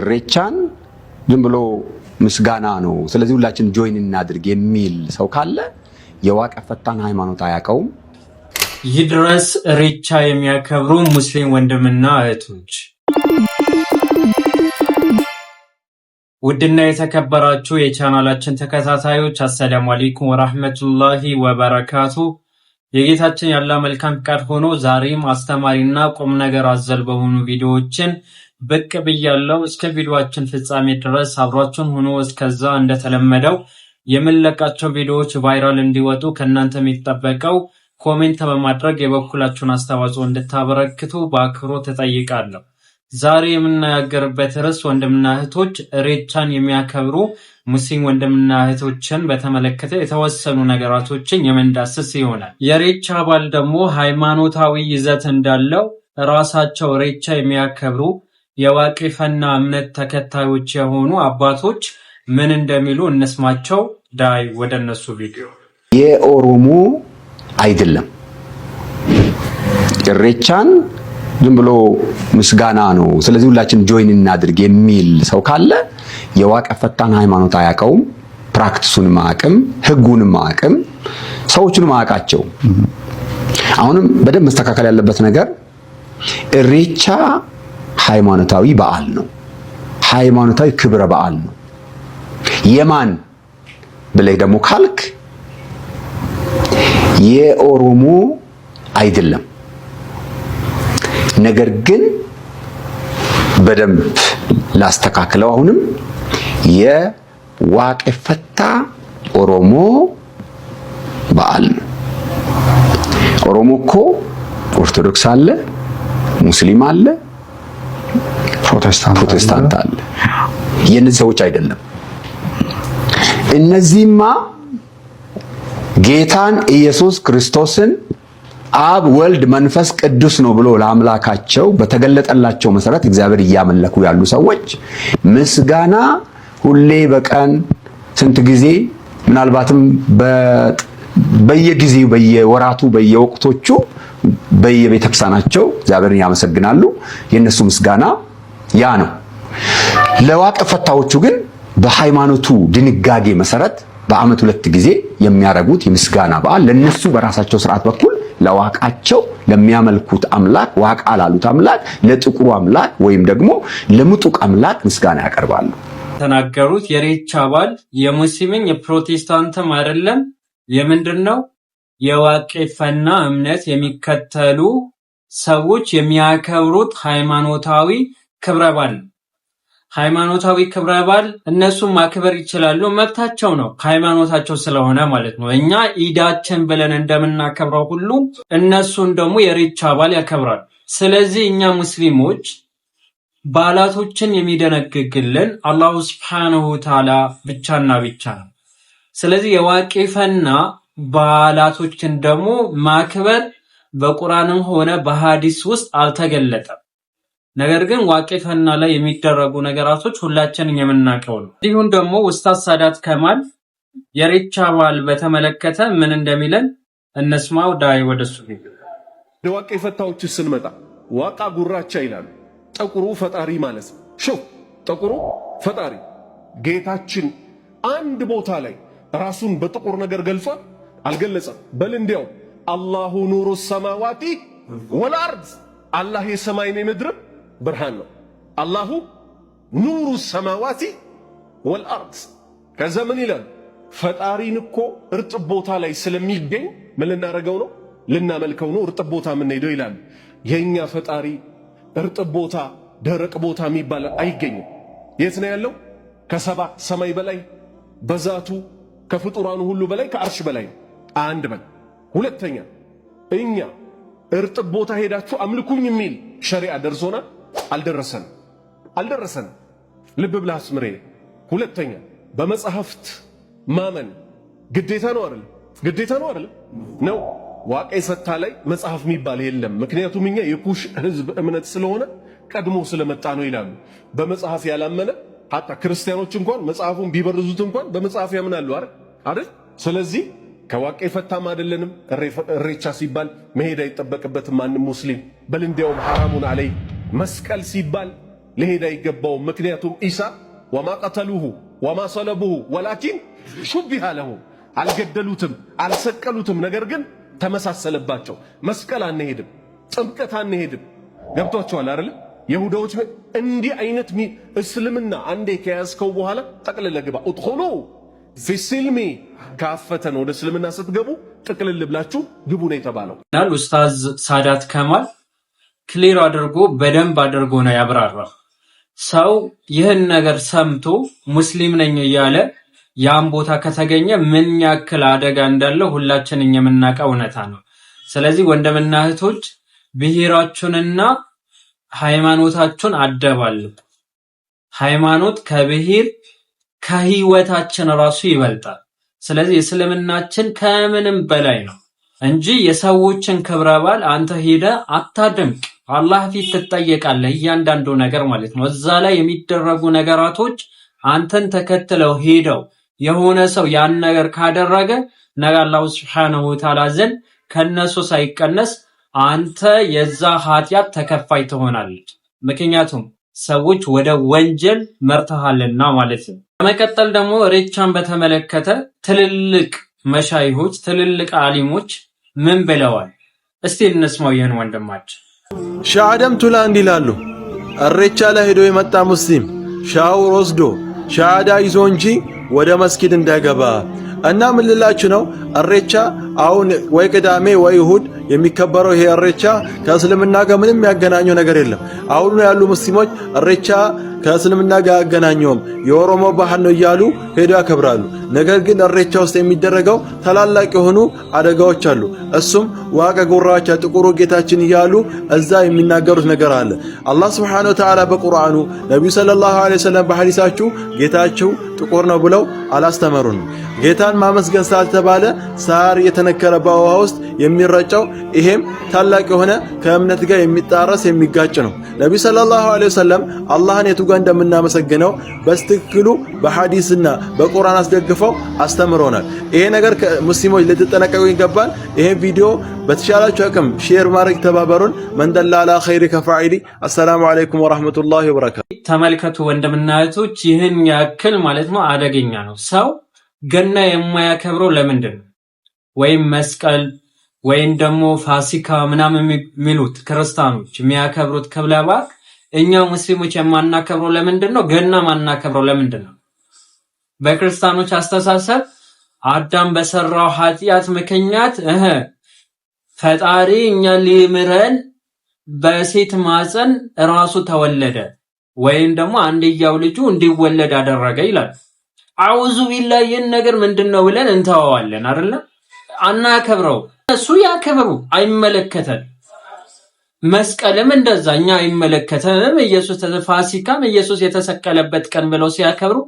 ኢሬቻን ዝም ብሎ ምስጋና ነው፣ ስለዚህ ሁላችን ጆይን እናድርግ የሚል ሰው ካለ የዋቀ ፈታን ሃይማኖት አያውቀውም። ይህ ድረስ ሬቻ የሚያከብሩ ሙስሊም ወንድምና እህቶች ውድና የተከበራችሁ የቻናላችን ተከታታዮች አሰላሙ አለይኩም ወራህመቱላሂ ወበረካቱ። የጌታችን ያለ መልካም ፍቃድ ሆኖ ዛሬም አስተማሪና ቁም ነገር አዘል በሆኑ ቪዲዮዎችን ብቅ ብያለው። እስከ ቪዲዮችን ፍጻሜ ድረስ አብሯችን ሆኖ እስከዛ እንደተለመደው የምንለቃቸው ቪዲዮዎች ቫይራል እንዲወጡ ከእናንተ የሚጠበቀው ኮሜንት በማድረግ የበኩላችሁን አስተዋጽኦ እንድታበረክቱ በአክብሮት እጠይቃለሁ። ዛሬ የምናገርበት ርዕስ ወንድምና እህቶች ሬቻን የሚያከብሩ ሙስሊም ወንድምና እህቶችን በተመለከተ የተወሰኑ ነገራቶችን የምንዳስስ ይሆናል። የሬቻ በዓል ደግሞ ሃይማኖታዊ ይዘት እንዳለው ራሳቸው እሬቻ የሚያከብሩ የዋቂፈና እምነት ተከታዮች የሆኑ አባቶች ምን እንደሚሉ እንስማቸው። ዳይ ወደ እነሱ ቪዲዮ የኦሮሞ አይደለም እሬቻን ዝም ብሎ ምስጋና ነው፣ ስለዚህ ሁላችን ጆይን እናድርግ የሚል ሰው ካለ የዋቀ ፈታን ሃይማኖት አያውቀውም፣ ፕራክቲሱን ማቅም፣ ህጉን ማቅም፣ ሰዎቹንም ማቃቸው። አሁንም በደንብ መስተካከል ያለበት ነገር እሬቻ። ሃይማኖታዊ በዓል ነው። ሃይማኖታዊ ክብረ በዓል ነው። የማን ብለህ ደግሞ ካልክ የኦሮሞ አይደለም። ነገር ግን በደንብ ላስተካክለው። አሁንም የዋቄፈታ ኦሮሞ በዓል ነው። ኦሮሞ እኮ ኦርቶዶክስ አለ፣ ሙስሊም አለ ፕሮቴስታንት አለ። የእነዚህ ሰዎች አይደለም። እነዚህማ ጌታን ኢየሱስ ክርስቶስን አብ ወልድ መንፈስ ቅዱስ ነው ብሎ ለአምላካቸው በተገለጠላቸው መሰረት እግዚአብሔር እያመለኩ ያሉ ሰዎች ምስጋና ሁሌ በቀን ስንት ጊዜ ምናልባትም በየጊዜው በየወራቱ በየወቅቶቹ በየቤተክርስቲያናቸው እግዚአብሔርን ያመሰግናሉ። የእነሱ ምስጋና ያ ነው። ለዋቀ ፈታዎቹ ግን በሃይማኖቱ ድንጋጌ መሰረት በአመት ሁለት ጊዜ የሚያደርጉት የምስጋና በዓል ለነሱ በራሳቸው ስርዓት በኩል ለዋቃቸው ለሚያመልኩት አምላክ ዋቃ ላሉት አምላክ ለጥቁሩ አምላክ ወይም ደግሞ ለምጡቅ አምላክ ምስጋና ያቀርባሉ። ተናገሩት የሬቻ በዓል የሙስሊምን የፕሮቴስታንትም አይደለም። የምንድን ነው የዋቄ ፈና እምነት የሚከተሉ ሰዎች የሚያከብሩት ሃይማኖታዊ ክብረ በዓል ነው። ሃይማኖታዊ ክብረ በዓል እነሱም ማክበር ይችላሉ፣ መብታቸው ነው፣ ሃይማኖታቸው ስለሆነ ማለት ነው። እኛ ኢዳችን ብለን እንደምናከብረው ሁሉ እነሱን ደግሞ የሬቻ በዓል ያከብራል። ስለዚህ እኛ ሙስሊሞች በዓላቶችን የሚደነግግልን አላሁ ስብሓነሁ ተዓላ ብቻና ብቻ ነው። ስለዚህ የዋቂፈና በዓላቶችን ደግሞ ማክበር በቁርአንም ሆነ በሀዲስ ውስጥ አልተገለጠም። ነገር ግን ዋቄ ፈና ላይ የሚደረጉ ነገራቶች ሁላችንም የምናውቀው ነው። እንዲሁም ደግሞ ውስታት ሳዳት ከማል የሬቻ በዓል በተመለከተ ምን እንደሚለን እነስማው። ዳይ ወደሱ ዋቄ ፈታዎች ስንመጣ ዋቃ ጉራቻ ይላሉ። ጥቁሩ ፈጣሪ ማለት ነው። ሹ ጥቁሩ ፈጣሪ ጌታችን አንድ ቦታ ላይ ራሱን በጥቁር ነገር ገልጾ አልገለጸም። በል እንዲያው አላሁ ኑሩ ሰማዋቲ ወልአርድ አላህ የሰማይን ምድርም ብርሃን ነው። አላሁ ኑሩ ሰማዋቲ ወልአርድ። ከዛ ምን ይላል? ፈጣሪን እኮ እርጥብ ቦታ ላይ ስለሚገኝ ምን ልናደርገው ነው? ልናመልከው ነው። እርጥብ ቦታ የምንሄደው ይላል። የእኛ ፈጣሪ እርጥብ ቦታ፣ ደረቅ ቦታ የሚባል አይገኝም። የት ነው ያለው? ከሰባ ሰማይ በላይ በዛቱ ከፍጡራኑ ሁሉ በላይ ከአርሽ በላይ አንድ በል። ሁለተኛ እኛ እርጥብ ቦታ ሄዳችሁ አምልኩኝ የሚል ሸሪዓ ደርሶናል። አልደረሰን አልደረሰን። ልብ ብለህ አስምሬ። ሁለተኛ በመጽሐፍት ማመን ግዴታ ነው አይደል? ግዴታ ነው አይደል? ነው ዋቄ ሰታ ላይ መጽሐፍ የሚባል የለም። ምክንያቱም እኛ የኩሽ ህዝብ እምነት ስለሆነ ቀድሞ ስለመጣ ነው ይላሉ። በመጽሐፍ ያላመነ ሀታ ክርስቲያኖች እንኳን መጽሐፉን ቢበርዙት እንኳን በመጽሐፍ ያምናሉ አይደል? ስለዚህ ከዋቄ ፈታም አይደለንም። እሬቻ ሲባል መሄድ አይጠበቅበትም ማንም ሙስሊም። በልንዲያውም ሐራሙን አለይ መስቀል ሲባል ሊሄድ አይገባውም። ምክንያቱም ኢሳ ወማ ቀተሉሁ ወማ ሰለቡሁ ወላኪን ሹቢሃ ለሁ፣ አልገደሉትም፣ አልሰቀሉትም። ነገር ግን ተመሳሰለባቸው። መስቀል አንሄድም፣ ጥምቀት አንሄድም። ገብቷቸዋል አይደለም? የሁዳዎች እንዲህ አይነት እስልምና አንዴ ከያዝከው በኋላ ጠቅልለ ግባ። ኡድኹሉ ፊሲልሚ ካፈተን ወደ እስልምና ስትገቡ ጥቅልል ብላችሁ ግቡ ነው የተባለው። ኡስታዝ ሳዳት ከማል ክሊር አድርጎ በደንብ አድርጎ ነው ያብራራው። ሰው ይህን ነገር ሰምቶ ሙስሊም ነኝ እያለ ያን ቦታ ከተገኘ ምን ያክል አደጋ እንዳለው ሁላችን የምናውቀው እውነታ ነው። ስለዚህ ወንድምና እህቶች ብሔራችሁንና ሃይማኖታችሁን አደባልቁ። ሃይማኖት ከብሔር ከህይወታችን ራሱ ይበልጣል። ስለዚህ እስልምናችን ከምንም በላይ ነው እንጂ የሰዎችን ክብረ በዓል አንተ ሄደ አታደምቅ? አላህ ፊት ትጠየቃለህ። እያንዳንዱ ነገር ማለት ነው። እዛ ላይ የሚደረጉ ነገራቶች አንተን ተከትለው ሄደው የሆነ ሰው ያን ነገር ካደረገ ነገ አላሁ ሱብሓነሁ ወተዓላ ዘንድ ከነሱ ሳይቀነስ አንተ የዛ ኃጢአት ተከፋይ ትሆናለች። ምክንያቱም ሰዎች ወደ ወንጀል መርተሃልና ማለት ነው። በመቀጠል ደግሞ ሬቻን በተመለከተ ትልልቅ መሻይሆች፣ ትልልቅ አሊሞች ምን ብለዋል? እስቲ እንስማው ይህን ወንድማችን ሻአደም ቱላንድ ይላሉ። እሬቻ ላይ ሄዶ የመጣ ሙስሊም ሻውር ወስዶ ሻአዳ ይዞ እንጂ ወደ መስጊድ እንዳይገባ እና ምን ልላችሁ ነው? እሬቻ አሁን ወይ ቅዳሜ ወይ እሁድ የሚከበረው ይሄ እሬቻ ከእስልምና ጋር ምንም ያገናኘው ነገር የለም። አሁን ያሉ ሙስሊሞች እሬቻ ከእስልምና ጋር ያገናኘውም የኦሮሞ ባህል ነው እያሉ ሄደው ያከብራሉ። ነገር ግን እሬቻ ውስጥ የሚደረገው ታላላቅ የሆኑ አደጋዎች አሉ። እሱም ዋቀ ጉራቻ፣ ጥቁሩ ጌታችን እያሉ እዛ የሚናገሩት ነገር አለ። አላህ ሱብሓነሁ ወተዓላ በቁርአኑ ነቢዩ ሰለላሁ ዐለይሂ ወሰለም በሐዲሳችሁ ጌታቸው ጥቁር ነው ብለው አላስተመሩንም። ጌታን ማመስገን ሳልተባለ ሳር የተነከረ በውሃ ውስጥ የሚረጨው ይሄም ታላቅ የሆነ ከእምነት ጋር የሚጣረስ የሚጋጭ ነው። ነቢ ሰለላሁ ዐለይሂ ወሰለም አላህን ጋር እንደምናመሰግነው በስትክክሉ በሐዲስና በቁርአን አስደግፈው አስተምሮናል። ይሄ ነገር ሙስሊሞች ልትጠነቀቁ ይገባል። ይሄን ቪዲዮ በተሻላችሁ አቅም ሼር ማድረግ ተባበሩን። መንደላ አላ ኸይሪ ከፋዒሊ። አሰላሙ አለይኩም ወራህመቱላሂ ወበረካቱ። ተመልከቱ ወንድምና እህቶች፣ ይህን ያክል ማለት ነው አደገኛ ነው። ሰው ገና የማያከብረው ለምንድን ነው? ወይም መስቀል ወይም ደግሞ ፋሲካ ምናምን የሚሉት ክርስቲያኖች የሚያከብሩት ክብረ በዓል እኛ ሙስሊሞች የማናከብረው ለምንድን ነው? ገና ማናከብረው ለምንድን ነው? በክርስቲያኖች አስተሳሰብ አዳም በሰራው ኃጢአት ምክንያት እህ ፈጣሪ እኛ ሊምረን በሴት ማፀን ራሱ ተወለደ ወይም ደግሞ አንድያው ልጁ እንዲወለድ አደረገ ይላል። አውዙ ቢላ ይህን ነገር ምንድን ነው ብለን እንተዋዋለን አይደለም? አናከብረው እነሱ ያክብሩ፣ አይመለከተን። መስቀልም እንደዛ እኛ አይመለከተንም። ኢየሱስ ፋሲካም ኢየሱስ የተሰቀለበት ቀን ብለው ሲያከብሩ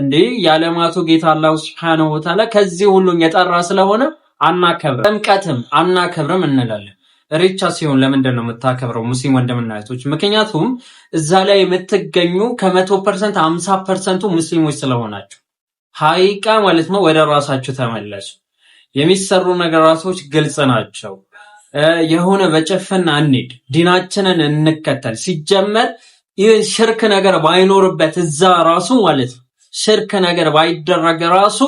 እንዲህ የዓለማቱ ጌታ አላሁ ስብሐነሁ ወተዓላ ከዚህ ሁሉን የጠራ ስለሆነ አናከብርም፣ ጥምቀትም አናከብርም እንላለን። ሬቻ ሲሆን ለምንድን ነው የምታከብረው? ሙስሊም ወንድምና እህቶች፣ ምክንያቱም እዛ ላይ የምትገኙ ከመቶ ፐርሰንት ሀምሳ ፐርሰንቱ ሙስሊሞች ስለሆናችሁ ሀይቃ ማለት ነው። ወደ ራሳችሁ ተመለሱ። የሚሰሩ ነገራቶች ግልጽ ናቸው። የሆነ በጨፈና እንሂድ፣ ዲናችንን እንከተል። ሲጀመር ይህ ሽርክ ነገር ባይኖርበት እዛ ራሱ ማለት ነው ሽርክ ነገር ባይደረግ ራሱ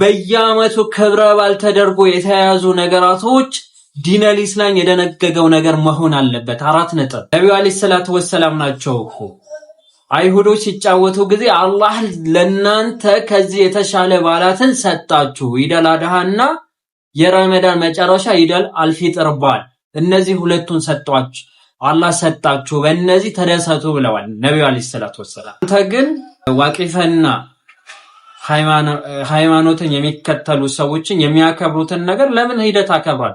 በየዓመቱ ክብረ በዓል ተደርጎ የተያዙ ነገራቶች ዲነል ኢስላም የደነገገው ነገር መሆን አለበት። አራት ነጥብ ነቢዩ አለይሂ ሰላቱ ወሰላም ናቸው እኮ አይሁዶች ሲጫወቱ ጊዜ አላህ ለናንተ ከዚህ የተሻለ በዓላትን ሰጣችሁ፣ ኢደል አድሃና የረመዳን መጨረሻ ኢደል አልፊጥር በዓል እነዚህ ሁለቱን ሰጣችሁ፣ አላህ ሰጣችሁ፣ በእነዚህ ተደሰቱ ብለዋል ነቢዩ አለይሂ ሰላቱ ወሰላም። አንተ ግን ዋቂፈና ሃይማኖትን የሚከተሉ ሰዎችን የሚያከብሩትን ነገር ለምን ሂደት አከብራል?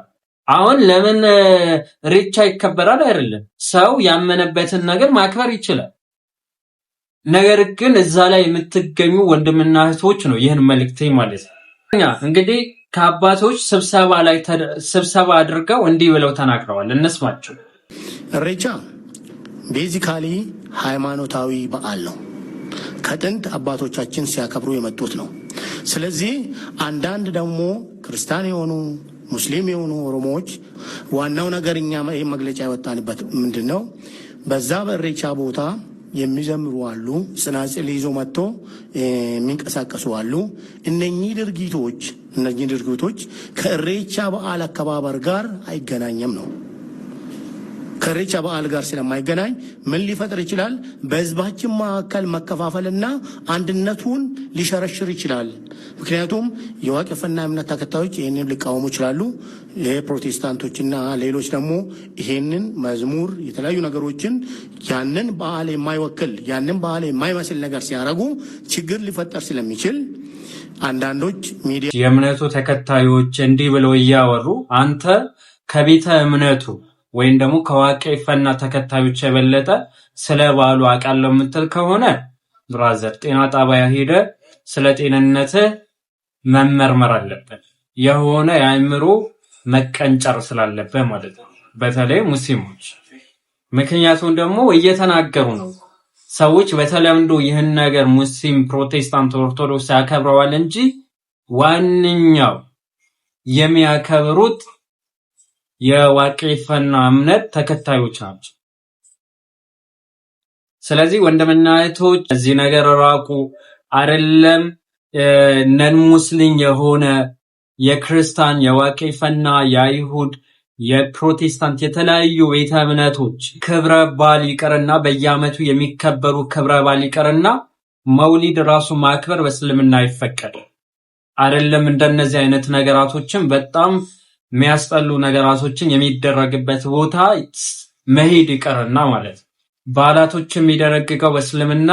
አሁን ለምን ሬቻ ይከበራል አይደለም። ሰው ያመነበትን ነገር ማክበር ይችላል። ነገር ግን እዛ ላይ የምትገኙ ወንድምና እህቶች ነው ይህን መልእክቴ ማለት ነው። እንግዲህ ከአባቶች ስብሰባ ላይ ስብሰባ አድርገው እንዲህ ብለው ተናግረዋል። እነስማቸው። እሬቻ ቤዚካሊ ሃይማኖታዊ በዓል ነው። ከጥንት አባቶቻችን ሲያከብሩ የመጡት ነው። ስለዚህ አንዳንድ ደግሞ ክርስቲያን የሆኑ ሙስሊም የሆኑ ኦሮሞዎች ዋናው ነገር እኛ መግለጫ የወጣንበት ምንድን ነው በዛ በእሬቻ ቦታ የሚዘምሩ አሉ። ጽናጽል ይዞ መጥቶ የሚንቀሳቀሱ አሉ። እነኚህ ድርጊቶች እነኚህ ድርጊቶች ከእሬቻ በዓል አከባበር ጋር አይገናኝም ነው። ከኢሬቻ በዓል ጋር ስለማይገናኝ ምን ሊፈጥር ይችላል? በህዝባችን መካከል መከፋፈልና አንድነቱን ሊሸረሽር ይችላል። ምክንያቱም የዋቄፈና እምነት ተከታዮች ይህንን ሊቃወሙ ይችላሉ። ፕሮቴስታንቶችና ሌሎች ደግሞ ይሄንን መዝሙር፣ የተለያዩ ነገሮችን ያንን በዓል የማይወክል ያንን በዓል የማይመስል ነገር ሲያደርጉ ችግር ሊፈጠር ስለሚችል አንዳንዶች ሚዲያ የእምነቱ ተከታዮች እንዲህ ብለው እያወሩ አንተ ከቤተ እምነቱ ወይም ደግሞ ከዋቄ ተከታዮች የበለጠ ስለ ባሉ አውቃለሁ የምትል ከሆነ ብራዘር ጤና ጣቢያ ሄደ ስለ ጤንነት መመርመር አለብን። የሆነ የአእምሮ መቀንጨር ስላለበ ማለት ነው። በተለይ ሙስሊሞች ምክንያቱም ደግሞ እየተናገሩ ነው ሰዎች በተለምዶ ይህን ነገር ሙስሊም፣ ፕሮቴስታንት፣ ኦርቶዶክስ ያከብረዋል እንጂ ዋነኛው የሚያከብሩት የዋቄፈና እምነት ተከታዮች ናቸው። ስለዚህ ወንድምና እህቶች እዚህ ነገር ራቁ። አይደለም ነን ሙስሊም የሆነ የክርስቲያን፣ የዋቄፈና፣ የአይሁድ፣ የፕሮቴስታንት የተለያዩ ቤተ እምነቶች ክብረ በዓል ይቅርና በየዓመቱ የሚከበሩ ክብረ በዓል ይቅርና መውሊድ ራሱ ማክበር በእስልምና አይፈቀድም። አይደለም እንደነዚህ አይነት ነገራቶችን በጣም የሚያስጠሉ ነገራቶችን የሚደረግበት ቦታ መሄድ ይቅርና ማለት ነው። በዓላቶች የሚደረግቀው በእስልምና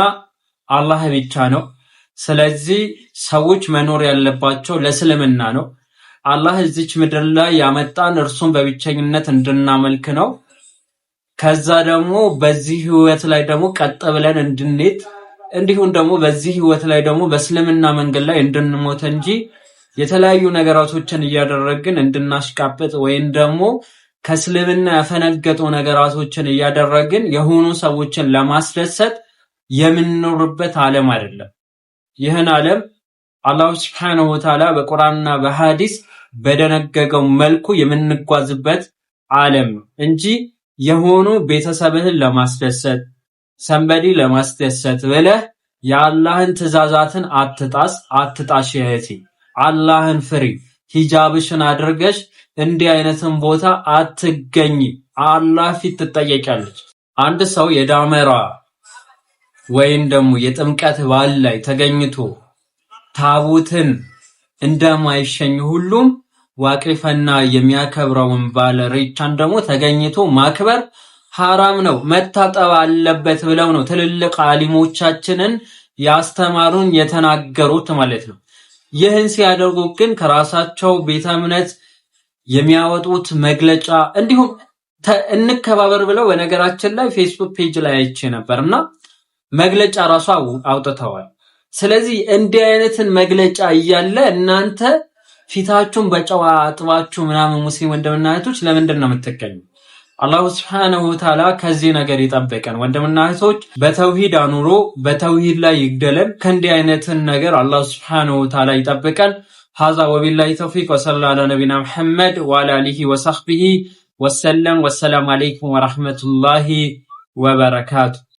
አላህ ብቻ ነው። ስለዚህ ሰዎች መኖር ያለባቸው ለእስልምና ነው። አላህ እዚች ምድር ላይ ያመጣን እርሱን በብቸኝነት እንድናመልክ ነው። ከዛ ደግሞ በዚህ ህይወት ላይ ደግሞ ቀጥ ብለን እንድንሄድ እንዲሁም ደግሞ በዚህ ህይወት ላይ ደግሞ በእስልምና መንገድ ላይ እንድንሞት እንጂ የተለያዩ ነገራቶችን እያደረግን እንድናሽቃብጥ ወይም ደግሞ ከእስልምና ያፈነገጡ ነገራቶችን እያደረግን የሆኑ ሰዎችን ለማስደሰት የምንኖርበት ዓለም አይደለም። ይህን ዓለም አላሁ ስብሓነሁ ወተዓላ በቁርአንና በሐዲስ በደነገገው መልኩ የምንጓዝበት ዓለም ነው እንጂ የሆኑ ቤተሰብህን ለማስደሰት ሰንበዲ ለማስደሰት ብለህ የአላህን ትእዛዛትን አትጣስ አትጣሽ እህቴ አላህን ፍሪ። ሂጃብሽን አድርገሽ እንዲህ አይነትን ቦታ አትገኝ፣ አላህ ፊት ትጠየቂያለች። አንድ ሰው የዳመራ ወይም ደግሞ የጥምቀት በዓል ላይ ተገኝቶ ታቦትን እንደማይሸኝ ሁሉም ዋቂፈና የሚያከብረውን ባለ ሬቻን ደግሞ ተገኝቶ ማክበር ሐራም ነው፣ መታጠብ አለበት ብለው ነው ትልልቅ አሊሞቻችንን ያስተማሩን የተናገሩት ማለት ነው። ይህን ሲያደርጉ ግን ከራሳቸው ቤተ እምነት የሚያወጡት መግለጫ እንዲሁም እንከባበር ብለው በነገራችን ላይ ፌስቡክ ፔጅ ላይ አይቼ ነበር እና መግለጫ ራሱ አውጥተዋል። ስለዚህ እንዲህ አይነትን መግለጫ እያለ እናንተ ፊታችሁን በጨዋ አጥባችሁ ምናምን ሙስሊም ወንድምና እህቶች ለምንድን ነው የምትገኙ? አላሁ ስብሓነሁ ተዓላ ከዚህ ነገር ይጠብቀን። ወንድምና እህቶች በተውሂድ አኑሮ በተውሂድ ላይ ይግደለን። ከእንዲህ አይነትን ነገር አላሁ ስብሓነሁ ተዓላ ይጠብቀን። ሀዛ ወቢላሂ ተውፊቅ ወሰላ አላ ነቢና መሐመድ ወአላ አሊሂ ወሰህቢሂ ወሰለም። ወሰላም አለይኩም ወረሕመቱላሂ ወበረካቱ